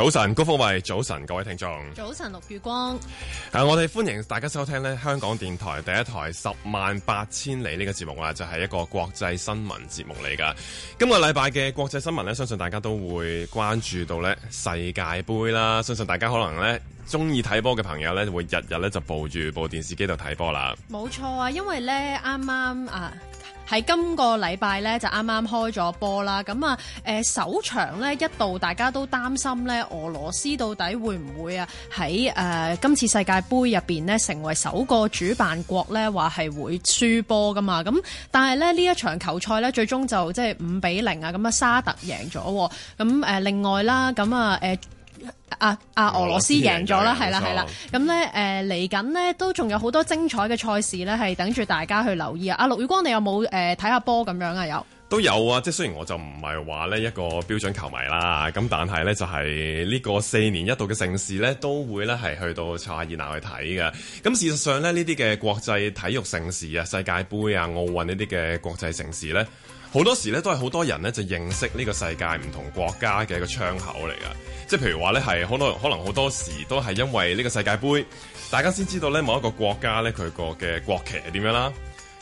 早晨，高福慧。早晨，各位聽眾。早晨，六月光。誒、啊，我哋歡迎大家收聽呢香港電台第一台十萬八千里呢個節目啦、啊，就係、是、一個國際新聞節目嚟噶。今個禮拜嘅國際新聞呢，相信大家都會關注到呢世界杯啦。相信大家可能呢中意睇波嘅朋友呢，會日日呢就抱住部電視機度睇波啦。冇錯啊，因為呢啱啱啊。喺今個禮拜咧就啱啱開咗波啦，咁啊、呃、首場呢，一度大家都擔心呢，俄羅斯到底會唔會啊喺誒今次世界盃入面呢，成為首個主辦國呢？話係會輸波㗎嘛？咁但係咧呢一場球賽呢，最終就即係五比零啊，咁啊沙特贏咗、啊，咁誒、呃、另外啦，咁啊、呃啊啊！俄羅斯贏咗啦，係啦係啦。咁咧了，誒嚟緊呢，都仲有好多精彩嘅賽事咧，係等住大家去留意啊。阿陸宇光，你有冇誒睇下波咁樣啊？有都有啊。即係雖然我就唔係話呢一個標準球迷啦，咁但係咧就係、是、呢個四年一度嘅盛事咧，都會咧係去到查爾納去睇嘅。咁事實上咧，呢啲嘅國際體育盛事啊，世界盃啊，奧運呢啲嘅國際盛事咧。好多時咧都係好多人咧就認識呢個世界唔同國家嘅一個窗口嚟㗎，即係譬如話咧係好多可能好多時都係因為呢個世界盃，大家先知道咧某一個國家咧佢個嘅國旗係點樣啦。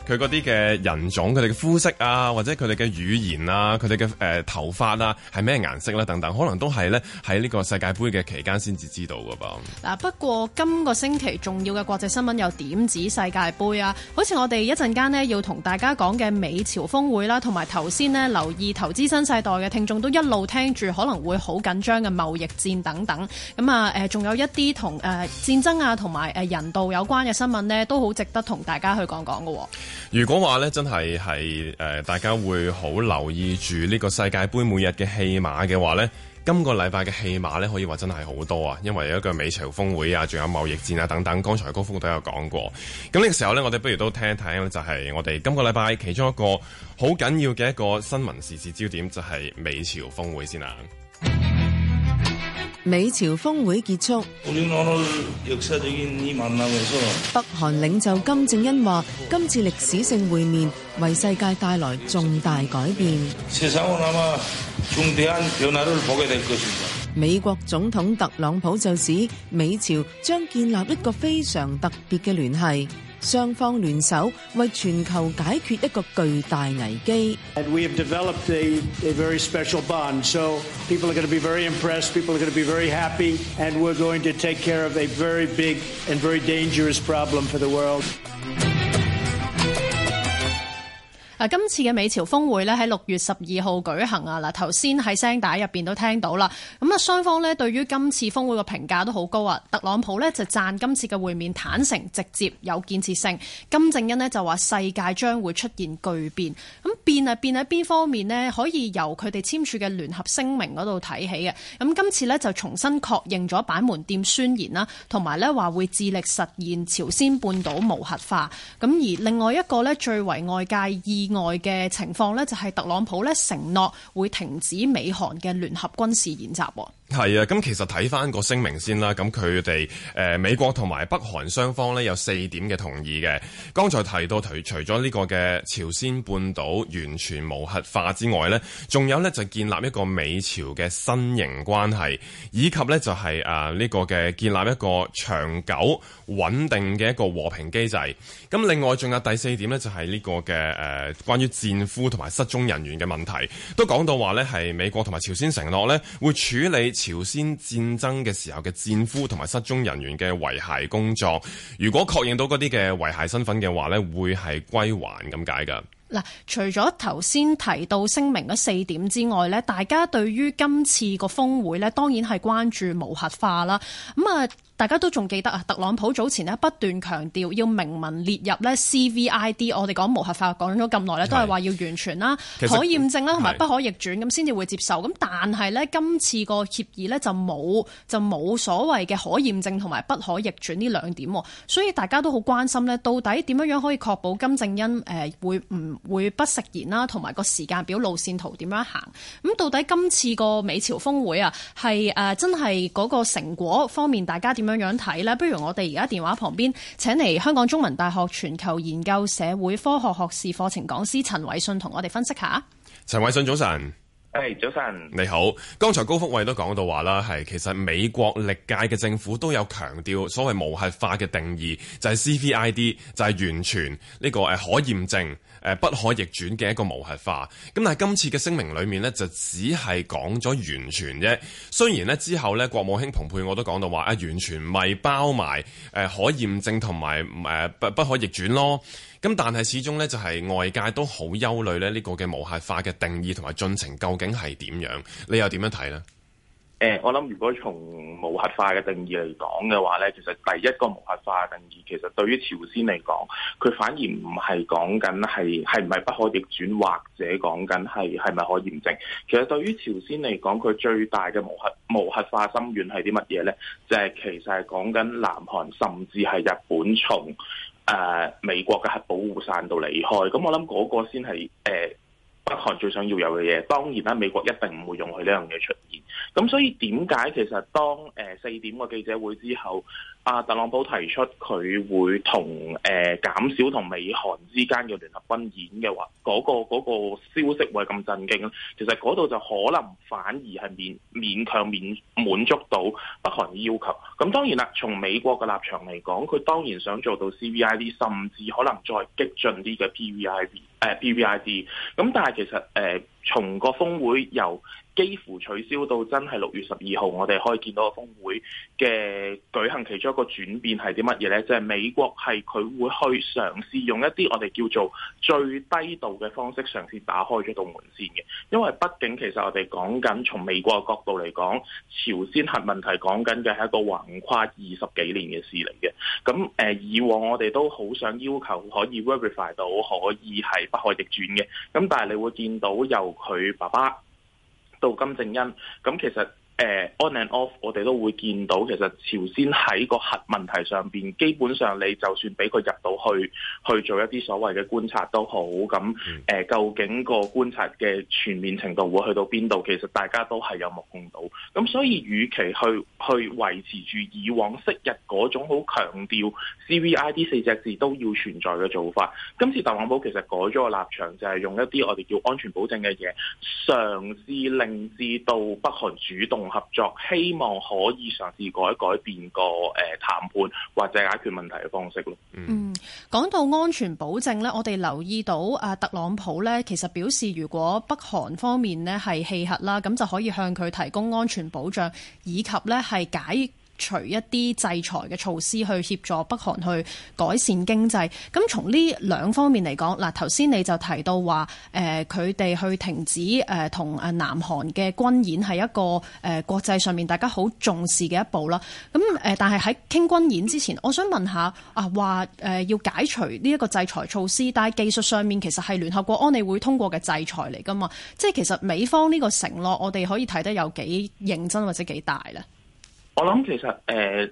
佢嗰啲嘅人種，佢哋嘅膚色啊，或者佢哋嘅語言啊，佢哋嘅誒頭髮啊，係咩顏色啦、啊、等等，可能都係咧喺呢個世界盃嘅期間先至知道嘅噃。嗱，不過今個星期重要嘅國際新聞又點止世界盃啊？好似我哋一陣間呢要同大家講嘅美朝峰會啦，同埋頭先呢留意投資新世代嘅聽眾都一路聽住可能會好緊張嘅貿易戰等等。咁啊誒，仲、呃、有一啲同誒戰爭啊同埋誒人道有關嘅新聞呢，都好值得同大家去講講嘅。如果話呢真係係誒大家會好留意住呢個世界盃每日嘅戲碼嘅話呢，今個禮拜嘅戲碼呢可以話真係好多啊，因為有一個美朝峰會啊，仲有貿易戰啊等等，剛才高峯都有講過。咁呢個時候呢，我哋不如都聽睇就係我哋今個禮拜其中一個好緊要嘅一個新聞時事焦點，就係美朝峰會先啦。美朝峰會結束，北韓領袖金正恩話：今次歷史性會面為世界帶來重大改變。美國總統特朗普就指美朝將建立一個非常特別嘅聯繫。雙方聯手為全球解決一個巨大危機。嗱，今次嘅美朝峰會呢喺六月十二號舉行啊！嗱，頭先喺聲帶入邊都聽到啦，咁啊雙方呢對於今次峰會嘅評價都好高啊！特朗普呢就讚今次嘅會面坦誠、直接、有建設性。金正恩呢就話世界將會出現巨變。咁變啊變喺邊方面呢？可以由佢哋簽署嘅聯合聲明嗰度睇起嘅。咁今次呢就重新確認咗板門店宣言啦，同埋呢話會致力實現朝鮮半島無核化。咁而另外一個呢，最為外界意，外嘅情況呢，就係特朗普呢，承諾會停止美韓嘅聯合軍事演習。係啊，咁其實睇翻個聲明先啦。咁佢哋誒美國同埋北韓雙方呢，有四點嘅同意嘅。剛才提到除除咗呢個嘅朝鮮半島完全無核化之外呢，仲有呢，就建立一個美朝嘅新型關係，以及呢、就是，就係誒呢個嘅建立一個長久穩定嘅一個和平機制。咁另外仲有第四點呢，這個，就係呢個嘅誒。關於戰俘同埋失蹤人員嘅問題，都講到話呢係美國同埋朝鮮承諾呢會處理朝鮮戰爭嘅時候嘅戰俘同埋失蹤人員嘅遺骸工作。如果確認到嗰啲嘅遺骸身份嘅話呢，會係歸還咁解噶。嗱，除咗頭先提到聲明嗰四點之外呢，大家對於今次個峰會呢，當然係關注無核化啦。咁、嗯、啊。大家都仲記得啊，特朗普早前呢不斷強調要明文列入咧 CVID，我哋講無核化講咗咁耐咧，都係話要完全啦、可驗證啦同埋不可逆轉咁先至會接受。咁是但係呢，今次個協議呢就冇就冇所謂嘅可驗證同埋不可逆轉呢兩點，所以大家都好關心呢，到底點樣樣可以確保金正恩誒會唔會不食言啦，同埋個時間表路線圖點樣行？咁到底今次個美朝峰會啊，係誒真係嗰個成果方面，大家點？樣樣睇咧，不如我哋而家電話旁邊，請嚟香港中文大學全球研究社會科學學士課程講師陳偉信同我哋分析下。陳偉。陳偉信早晨。係、hey, 早晨，你好。剛才高福偉都講到話啦，係其實美國歷屆嘅政府都有強調所謂無核化嘅定義，就係、是、CVID 就係完全呢個誒可驗證誒不可逆轉嘅一個無核化。咁但係今次嘅聲明裏面呢，就只係講咗完全啫。雖然咧之後咧，國務卿蓬佩我都講到話啊，完全咪包埋誒可驗證同埋誒不不可逆轉咯。咁但係始終咧，就係外界都好憂慮咧，呢個嘅無核化嘅定義同埋進程究竟係點樣？你又點樣睇呢？誒、欸，我諗如果從無核化嘅定義嚟講嘅話咧，其實第一個無核化嘅定義，其實對於朝鮮嚟講，佢反而唔係講緊係係唔係不可逆轉，或者講緊係係咪可驗證？其實對於朝鮮嚟講，佢最大嘅無核無核化心願係啲乜嘢咧？就係、是、其實係講緊南韓，甚至係日本從，啊、美國嘅核保護傘度離開，咁我諗 𠮶 個先係誒北韓最想要有嘅嘢。當然啦、啊，美國一定唔會容許呢樣嘢出現。咁所以點解其實當誒四、啊、點嘅記者會之後。阿特朗普提出佢會同誒減少同美韓之間嘅聯合軍演嘅話，嗰個、嗰個那個消息會咁震驚？其實嗰度就可能反而係勉勉強勉滿足到北韓嘅要求。咁當然啦，從美國嘅立場嚟講，佢當然想做到 CVID，甚至可能再激進啲嘅 PVID 誒、呃、PVID。咁但係其實誒。呃從個峰會由幾乎取消到真係六月十二號，我哋可以見到個峰會嘅舉行其中一個轉變係啲乜嘢呢？就係美國係佢會去嘗試用一啲我哋叫做最低度嘅方式嘗試打開咗道門先嘅。因為畢竟其實我哋講緊從美國嘅角度嚟講，朝鮮核問題講緊嘅係一個橫跨二十幾年嘅事嚟嘅。咁誒以往我哋都好想要求可以 verify 到可以係不可逆轉嘅。咁但係你會見到有。佢爸爸到金正恩，咁其實。誒 on and off，我哋都會見到其實朝鮮喺個核問題上面，基本上你就算俾佢入到去去做一啲所謂嘅觀察都好，咁、呃、究竟個觀察嘅全面程度會去到邊度？其實大家都係有目共睹。咁所以，與其去去維持住以往昔日嗰種好強調 CVID 四隻字都要存在嘅做法，今次特朗普其實改咗個立場，就係、是、用一啲我哋叫安全保證嘅嘢，嘗試令至到北韓主動。合作，希望可以嘗試改改變個誒談判或者解決問題嘅方式咯。嗯，講、嗯、到安全保證呢，我哋留意到啊，特朗普呢，其實表示，如果北韓方面呢係棄核啦，咁就可以向佢提供安全保障，以及呢係解。除一啲制裁嘅措施去協助北韓去改善經濟，咁從呢兩方面嚟講，嗱頭先你就提到話，誒、呃，佢哋去停止誒同誒南韓嘅軍演係一個誒、呃、國際上面大家好重視嘅一步啦。咁誒、呃，但係喺傾軍演之前，我想問下啊，話誒、呃、要解除呢一個制裁措施，但係技術上面其實係聯合國安理會通過嘅制裁嚟噶嘛？即係其實美方呢個承諾，我哋可以睇得有幾認真或者幾大咧？我諗其實誒，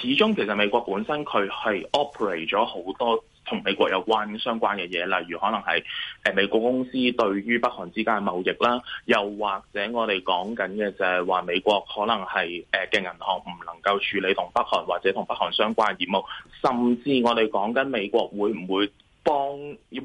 始終其實美國本身佢係 operate 咗好多同美國有關的相關嘅嘢，例如可能係誒美國公司對於北韓之間嘅貿易啦，又或者我哋講緊嘅就係話美國可能係誒嘅銀行唔能夠處理同北韓或者同北韓相關嘅業務，甚至我哋講緊美國會唔會幫，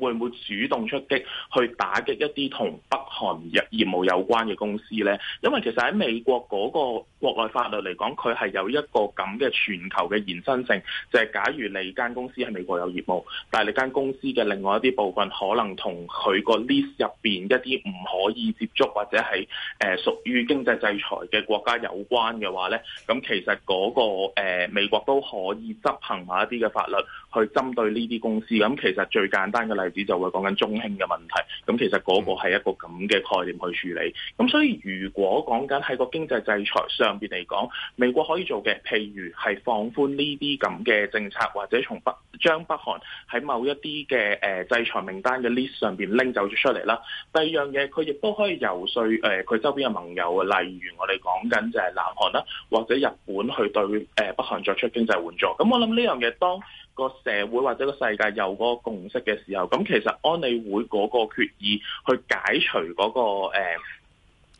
會唔會主動出擊去打擊一啲同北韓業務有關嘅公司呢？因為其實喺美國嗰、嗰個。國內法律嚟講，佢係有一個咁嘅全球嘅延伸性，就係假如你間公司喺美國有業務，但係你間公司嘅另外一啲部分可能同佢個 list 入面一啲唔可以接觸或者係誒屬於經濟制裁嘅國家有關嘅話呢，咁其實嗰個美國都可以執行某一啲嘅法律去針對呢啲公司。咁其實最簡單嘅例子就會講緊中興嘅問題。咁其實嗰個係一個咁嘅概念去處理。咁所以如果講緊喺個經濟制裁上，上邊嚟講，美國可以做嘅，譬如係放寬呢啲咁嘅政策，或者從北將北韓喺某一啲嘅誒制裁名單嘅 list 上邊拎走咗出嚟啦。第二樣嘢，佢亦都可以遊說誒佢、呃、周邊嘅盟友，例如我哋講緊就係南韓啦，或者日本去對誒、呃、北韓作出經濟援助。咁我諗呢樣嘢，當個社會或者個世界有嗰個共識嘅時候，咁其實安理會嗰個決議去解除嗰、那個、呃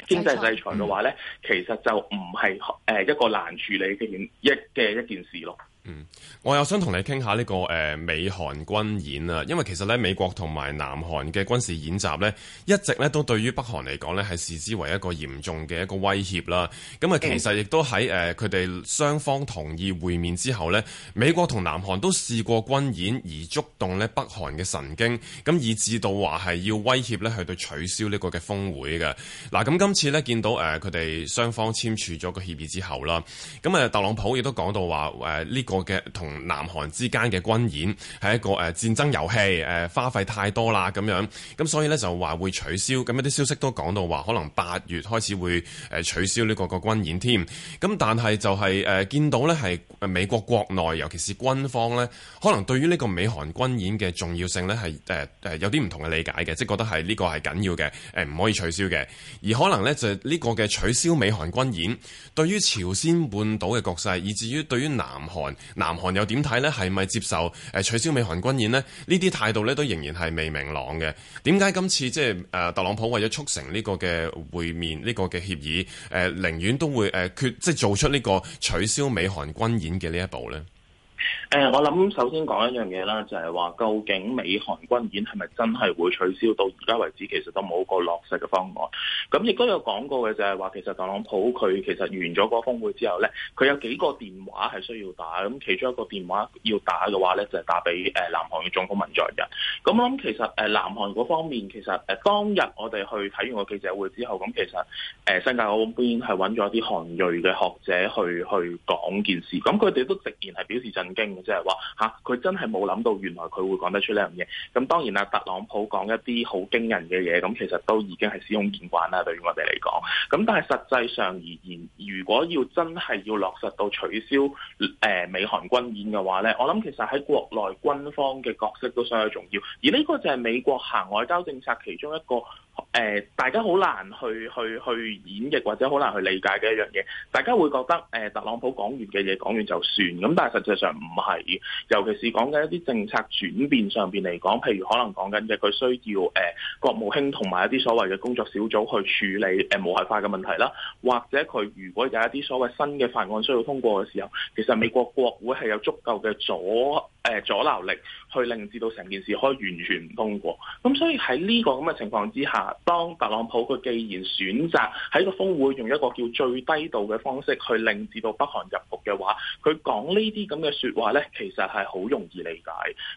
經濟制，制裁嘅話咧，嗯、其實就唔係誒一個難處理嘅件一嘅一件事咯。嗯，我又想同你傾下呢、呢個誒、呃、美韓軍演啊，因為其實咧美國同埋南韓嘅軍事演習呢，一直咧都對於北韓嚟講呢，係視之為一個嚴重嘅一個威脅啦。咁啊，其實亦都喺誒佢哋雙方同意會面之後呢，美國同南韓都試過軍演而觸動呢北韓嘅神經，咁以致到話係要威脅呢，去到取消呢個嘅峰會嘅。嗱，咁今次呢，見到誒佢哋雙方簽署咗個協議之後啦，咁啊特朗普亦都講到話誒呢。呃呢個個嘅同南韓之間嘅軍演係一個誒戰爭遊戲，誒花費太多啦咁樣，咁所以呢，就話會取消，咁一啲消息都講到話可能八月開始會誒取消呢個個軍演添。咁但係就係、是、誒、呃、見到呢係美國國內尤其是軍方呢，可能對於呢個美韓軍演嘅重要性呢，係誒誒有啲唔同嘅理解嘅，即、就、係、是、覺得係呢、這個係緊要嘅，誒唔可以取消嘅，而可能呢，就呢、是、個嘅取消美韓軍演，對於朝鮮半島嘅局勢，以至於對於南韓。南韓又點睇呢？係咪接受取消美韓軍演呢？呢啲態度呢都仍然係未明朗嘅。點解今次即係呃、特朗普為咗促成呢個嘅會面，呢個嘅協議誒，寧願都會誒決即係做出呢個取消美韓軍演嘅呢一步呢？誒、欸，我諗首先講一樣嘢啦，就係、是、話究竟美韓軍演係咪真係會取消？到而家為止，其實都冇個落實嘅方案。咁亦都有講過嘅，就係話其實特朗普佢其實完咗嗰個峰會之後咧，佢有幾個電話係需要打。咁其中一個電話要打嘅話咧，就係、是、打俾誒南韓嘅總統文在寅。咁我諗其實誒南韓嗰方面，其實誒當日我哋去睇完個記者會之後，咁其實誒新加坡嗰邊係揾咗一啲韓裔嘅學者去去講件事。咁佢哋都直言係表示即係話吓，佢、啊、真係冇諗到，原來佢會講得出呢樣嘢。咁當然啦，特朗普講一啲好驚人嘅嘢，咁其實都已經係司空見慣啦，對於我哋嚟講。咁但係實際上而言，如果要真係要落實到取消誒美韓軍演嘅話咧，我諗其實喺國內軍方嘅角色都相當重要。而呢個就係美國行外交政策其中一個誒、呃，大家好難去去去演繹或者好難去理解嘅一樣嘢。大家會覺得誒、呃，特朗普講完嘅嘢講完就算。咁但係實際上。唔係，尤其是講緊一啲政策轉變上面嚟講，譬如可能講緊嘅佢需要誒、呃、國務卿同埋一啲所謂嘅工作小組去處理誒無核化嘅問題啦，或者佢如果有一啲所謂新嘅法案需要通過嘅時候，其實美國國會係有足夠嘅阻。誒阻撓力去令至到成件事可以完全唔通過，咁所以喺呢個咁嘅情況之下，當特朗普佢既然選擇喺個峰會用一個叫最低度嘅方式去令至到北韓入局嘅話，佢講呢啲咁嘅說話咧，其實係好容易理解。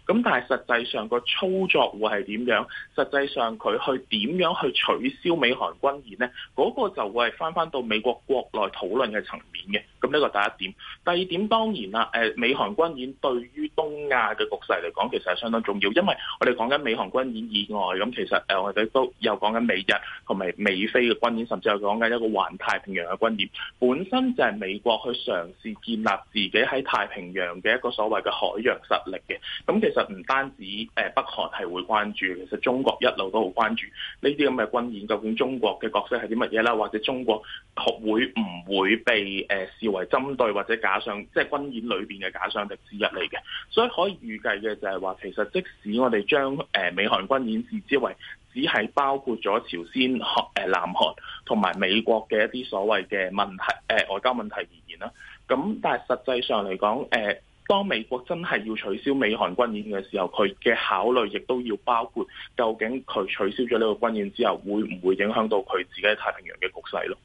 咁但係實際上個操作會係點樣？實際上佢去點樣去取消美韓軍演咧？嗰個就會係翻翻到美國國內討論嘅層面嘅。咁呢個第一點，第二點當然啦，誒美韓軍演對於東。亞嘅局勢嚟講，其實係相當重要，因為我哋講緊美韓軍演以外，咁其實誒我哋都又講緊美日同埋美菲嘅軍演，甚至係講緊一個環太平洋嘅軍演，本身就係美國去嘗試建立自己喺太平洋嘅一個所謂嘅海洋實力嘅。咁其實唔單止誒北韓係會關注，其實中國一路都好關注呢啲咁嘅軍演。究竟中國嘅角色係啲乜嘢啦？或者中國學會唔會被誒視為針對或者假想，即係軍演裏邊嘅假想敵之一嚟嘅？所都可以預計嘅就係話，其實即使我哋將誒美韓軍演視之為只係包括咗朝鮮、韓南韓同埋美國嘅一啲所謂嘅問題誒、呃、外交問題而言啦，咁但係實際上嚟講，誒、呃、當美國真係要取消美韓軍演嘅時候，佢嘅考慮亦都要包括究竟佢取消咗呢個軍演之後，會唔會影響到佢自己太平洋嘅局勢咯？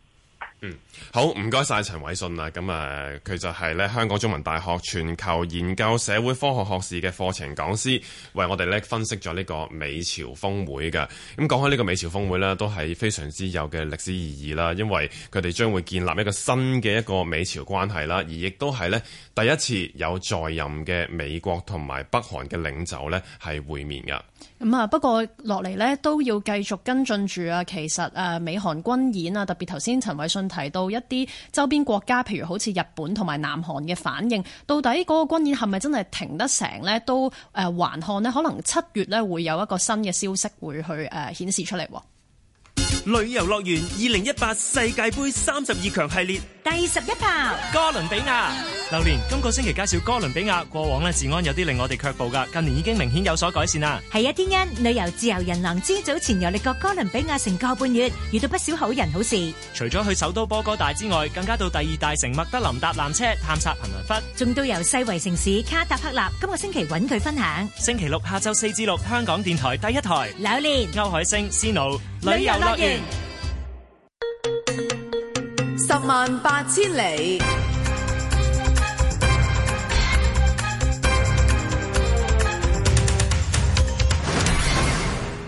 嗯，好，唔該晒陳偉信啊，咁、嗯、啊，佢就係咧香港中文大學全球研究社會科學學士嘅課程講師，為我哋咧分析咗呢個美朝峰會噶咁講開呢個美朝峰會咧，都係非常之有嘅歷史意義啦，因為佢哋將會建立一個新嘅一個美朝關係啦，而亦都係咧第一次有在任嘅美國同埋北韓嘅領袖咧係會面噶。咁啊、嗯，不過落嚟咧都要繼續跟進住啊，其實誒美韓軍演啊，特別頭先陳偉信。提到一啲周邊國家，譬如好似日本同埋南韓嘅反應，到底嗰個軍演係咪真係停得成咧？都誒還、呃、看咧，可能七月咧會有一個新嘅消息會去誒顯、呃、示出嚟。旅遊樂園二零一八世界杯三十二強系列第十一炮哥倫比亞。劉蓮今個星期介紹哥倫比亞過往咧治安有啲令我哋卻步噶，近年已經明顯有所改善啦。係啊，天恩旅遊自由人能之早前遊歷過哥倫比亞成個半月，遇到不少好人好事。除咗去首都波哥大之外，更加到第二大城麥德林搭纜車探索貧民窟，仲到由世遺城市卡塔克納。今個星期揾佢分享。星期六下晝四至六，6，香港電台第一台。劉蓮蓮、歐海星、思露。旅遊樂園，十萬八千里。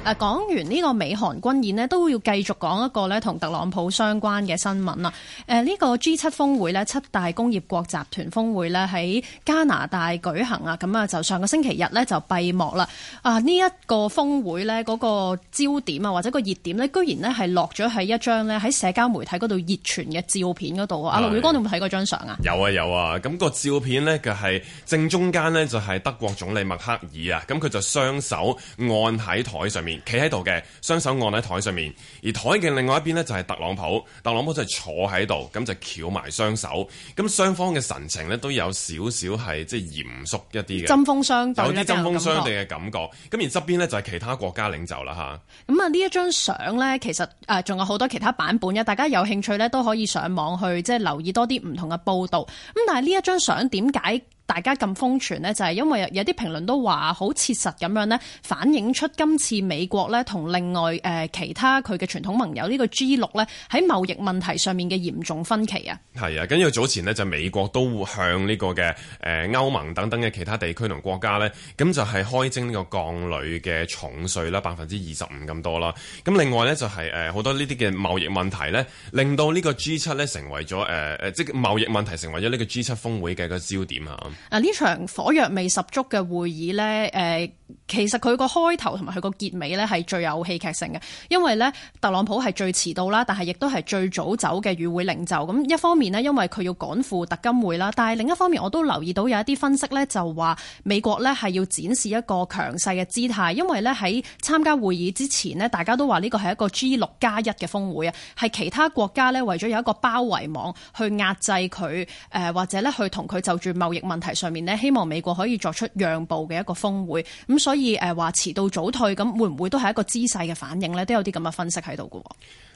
誒，講完呢個美韓軍演呢都要繼續講一個呢同特朗普相關嘅新聞啦。誒、啊、呢、這個 G 七峰會呢，七大工業國集團峰會呢喺加拿大舉行啊。咁啊，就上個星期日呢就閉幕啦。啊、呢、這、一個峰會呢，嗰個焦點啊，或者個熱點呢，居然呢係落咗喺一張呢喺社交媒體嗰度熱傳嘅照片嗰度啊。阿陸偉光，你有冇睇過張相啊？有啊有啊。咁、那個照片呢，就係正中間呢，就係德國總理默克爾啊，咁佢就雙手按喺台上面。企喺度嘅，雙手按喺台上面，而台嘅另外一邊呢，就係特朗普，特朗普就係坐喺度，咁就翹埋雙手，咁雙方嘅神情呢，都有少少係即係嚴肅一啲嘅，針鋒相對有啲針鋒相對嘅感覺，咁而側邊呢，就係其他國家領袖啦吓。咁啊呢一張相呢，其實誒仲有好多其他版本嘅，大家有興趣呢，都可以上網去即係留意多啲唔同嘅報道。咁但係呢一張相點解？大家咁瘋傳呢，就係因為有啲評論都話好切實咁樣呢，反映出今次美國呢，同另外誒其他佢嘅傳統盟友呢個 G 六呢，喺貿易問題上面嘅嚴重分歧啊！係啊，跟住早前呢，就美國都向呢個嘅誒歐盟等等嘅其他地區同國家呢，咁就係開徵呢個鋼鋁嘅重稅啦，百分之二十五咁多啦。咁另外呢，就係誒好多呢啲嘅貿易問題呢，令到呢個 G 七呢成為咗誒即貿易問題成為咗呢個 G 七峰會嘅個焦點啊！啊！呢場火藥味十足嘅會議呢、呃、其實佢個開頭同埋佢個結尾呢係最有戲劇性嘅，因為呢特朗普係最遲到啦，但係亦都係最早走嘅與會領袖。咁一方面呢，因為佢要趕赴特金會啦，但係另一方面我都留意到有一啲分析呢就話美國呢係要展示一個強勢嘅姿態，因為呢喺參加會議之前呢，大家都話呢個係一個 G 六加一嘅峰會啊，係其他國家呢為咗有一個包圍網去壓制佢、呃、或者呢去同佢就住貿易問題。上面呢，希望美國可以作出讓步嘅一個峰會，咁所以誒話遲到早退，咁會唔會都係一個姿勢嘅反應咧？都有啲咁嘅分析喺度嘅。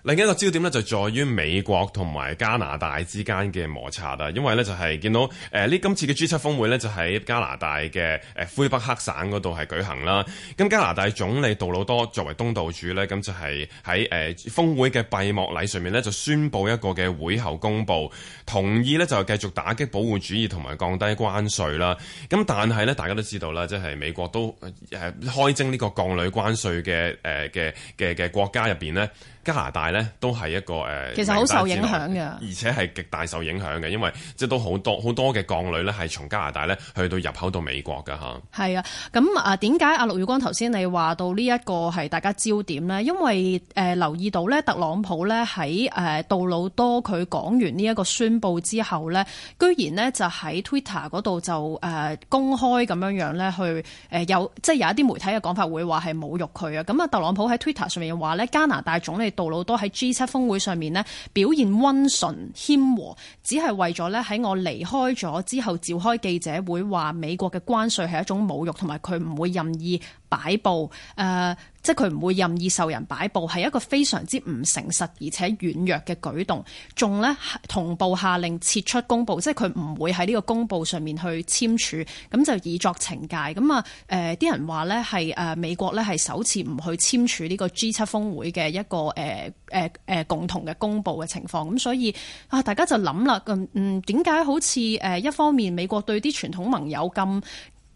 另一個焦點咧就在於美國同埋加拿大之間嘅摩擦啦，因為咧就係見到誒呢、呃、今次嘅 G7 峰會咧就喺加拿大嘅誒魁北克省嗰度係舉行啦。咁加拿大總理杜魯多作為東道主咧，咁就係喺誒峰會嘅閉幕禮上面咧就宣布一個嘅會後公布，同意咧就繼續打擊保護主義同埋降低關稅啦，咁但係咧，大家都知道啦，即係美國都誒開徵呢個降鋁關稅嘅誒嘅嘅嘅國家入邊咧。加拿大咧都係一個誒，呃、其實好受影響嘅、呃，而且係極大受影響嘅，因為即係都好多好多嘅鋼鋁咧，係從加拿大咧去到入口到美國㗎。嚇、嗯。係啊，咁啊點解阿陸宇光頭先你話到呢一個係大家焦點呢？因為誒、呃、留意到咧，特朗普咧喺誒杜魯多佢講完呢一個宣佈之後咧，居然呢就喺 Twitter 嗰度就誒、呃、公開咁樣這樣咧去誒、呃、有即係、就是、有一啲媒體嘅講法會話係侮辱佢啊！咁啊，特朗普喺 Twitter 上面又話咧加拿大總理，杜魯多喺 G7 峰會上面咧表現溫順謙和，只係為咗咧喺我離開咗之後召開記者會，話美國嘅關稅係一種侮辱，同埋佢唔會任意。擺布誒、呃，即係佢唔會任意受人擺布，係一個非常之唔誠實而且軟弱嘅舉動，仲咧同步下令撤出公佈，即係佢唔會喺呢個公佈上面去簽署，咁就以作懲戒。咁啊誒，啲人話咧係誒美國咧係首次唔去簽署呢個 G7 峰會嘅一個誒誒誒共同嘅公佈嘅情況。咁所以啊、呃，大家就諗啦，嗯點解好似誒一方面美國對啲傳統盟友咁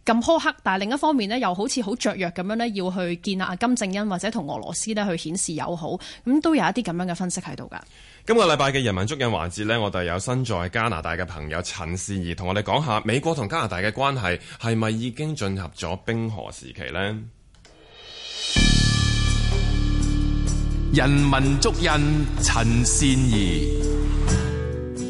咁苛刻，但係另一方面咧，又好似好雀躍咁樣咧，要去見阿金正恩或者同俄羅斯咧去顯示友好，咁都有一啲咁樣嘅分析喺度噶。今個禮拜嘅人文足印環節咧，我哋有身在加拿大嘅朋友陳善宜同我哋講下美國同加拿大嘅關係係咪已經進入咗冰河時期呢？人文足印陳善宜。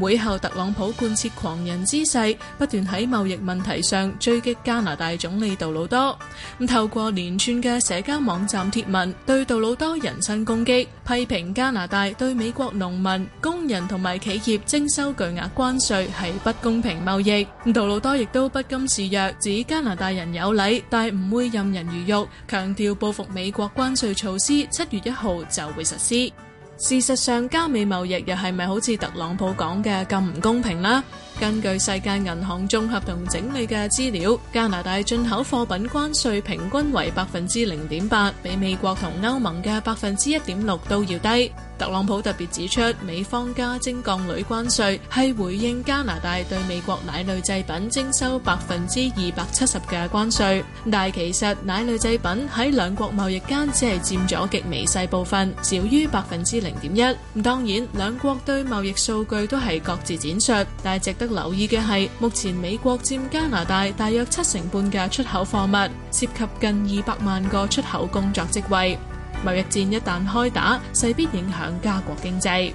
會後，特朗普貫徹狂人之勢，不斷喺貿易問題上追擊加拿大總理杜魯多。透過連串嘅社交網站貼文，對杜魯多人身攻擊，批評加拿大對美國農民、工人同埋企業徵收巨額關稅係不公平貿易。杜魯多亦都不甘示弱，指加拿大人有禮，但唔會任人魚肉，強調報復美國關稅措施七月一號就會實施。事實上，加美貿易又係咪好似特朗普講嘅咁唔公平啦？根據世界銀行綜合同整理嘅資料，加拿大進口貨品關稅平均為百分之零點八，比美國同歐盟嘅百分之一點六都要低。特朗普特別指出，美方加徵鋼鋁關稅係回應加拿大對美國奶類製品徵收百分之二百七十嘅關稅，但係其實奶類製品喺兩國貿易間只係佔咗極微細部分，少於百分之零點一。當然，兩國對貿易數據都係各自展述，但係直。得留意嘅係，目前美國占加拿大大約七成半嘅出口貨物，涉及近二百萬個出口工作職位。貿易戰一旦開打，勢必影響加國經濟。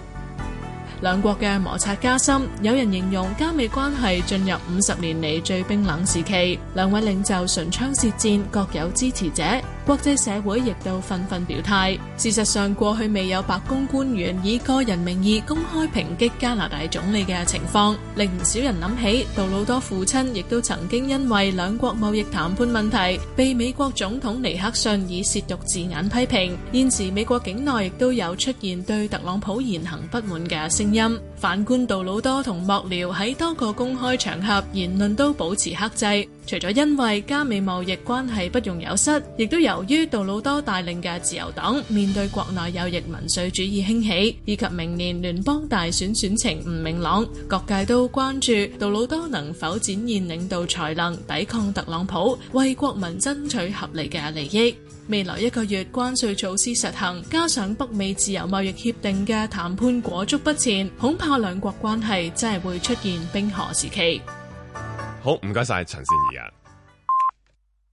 兩國嘅摩擦加深，有人形容加美關係進入五十年嚟，最冰冷時期。兩位領袖唇槍舌戰，各有支持者。國際社會亦都紛紛表態。事實上，過去未有白宮官員以個人名義公開抨擊加拿大總理嘅情況，令唔少人諗起杜魯多父親亦都曾經因為兩國貿易談判問題被美國總統尼克遜以涉毒字眼批評。現時美國境內亦都有出現對特朗普言行不滿嘅聲音。反觀杜魯多同幕僚喺多個公開場合言論都保持克制。除咗因為加美貿易關係不容有失，亦都由於杜魯多帶領嘅自由黨面對國內右翼民粹主義興起，以及明年聯邦大選選情唔明朗，各界都關注杜魯多能否展現領導才能，抵抗特朗普，為國民爭取合理嘅利益。未來一個月關稅措施實行，加上北美自由貿易協定嘅談判裹足不前，恐怕兩國關係真係會出現冰河時期。好，唔該晒陳善宜啊。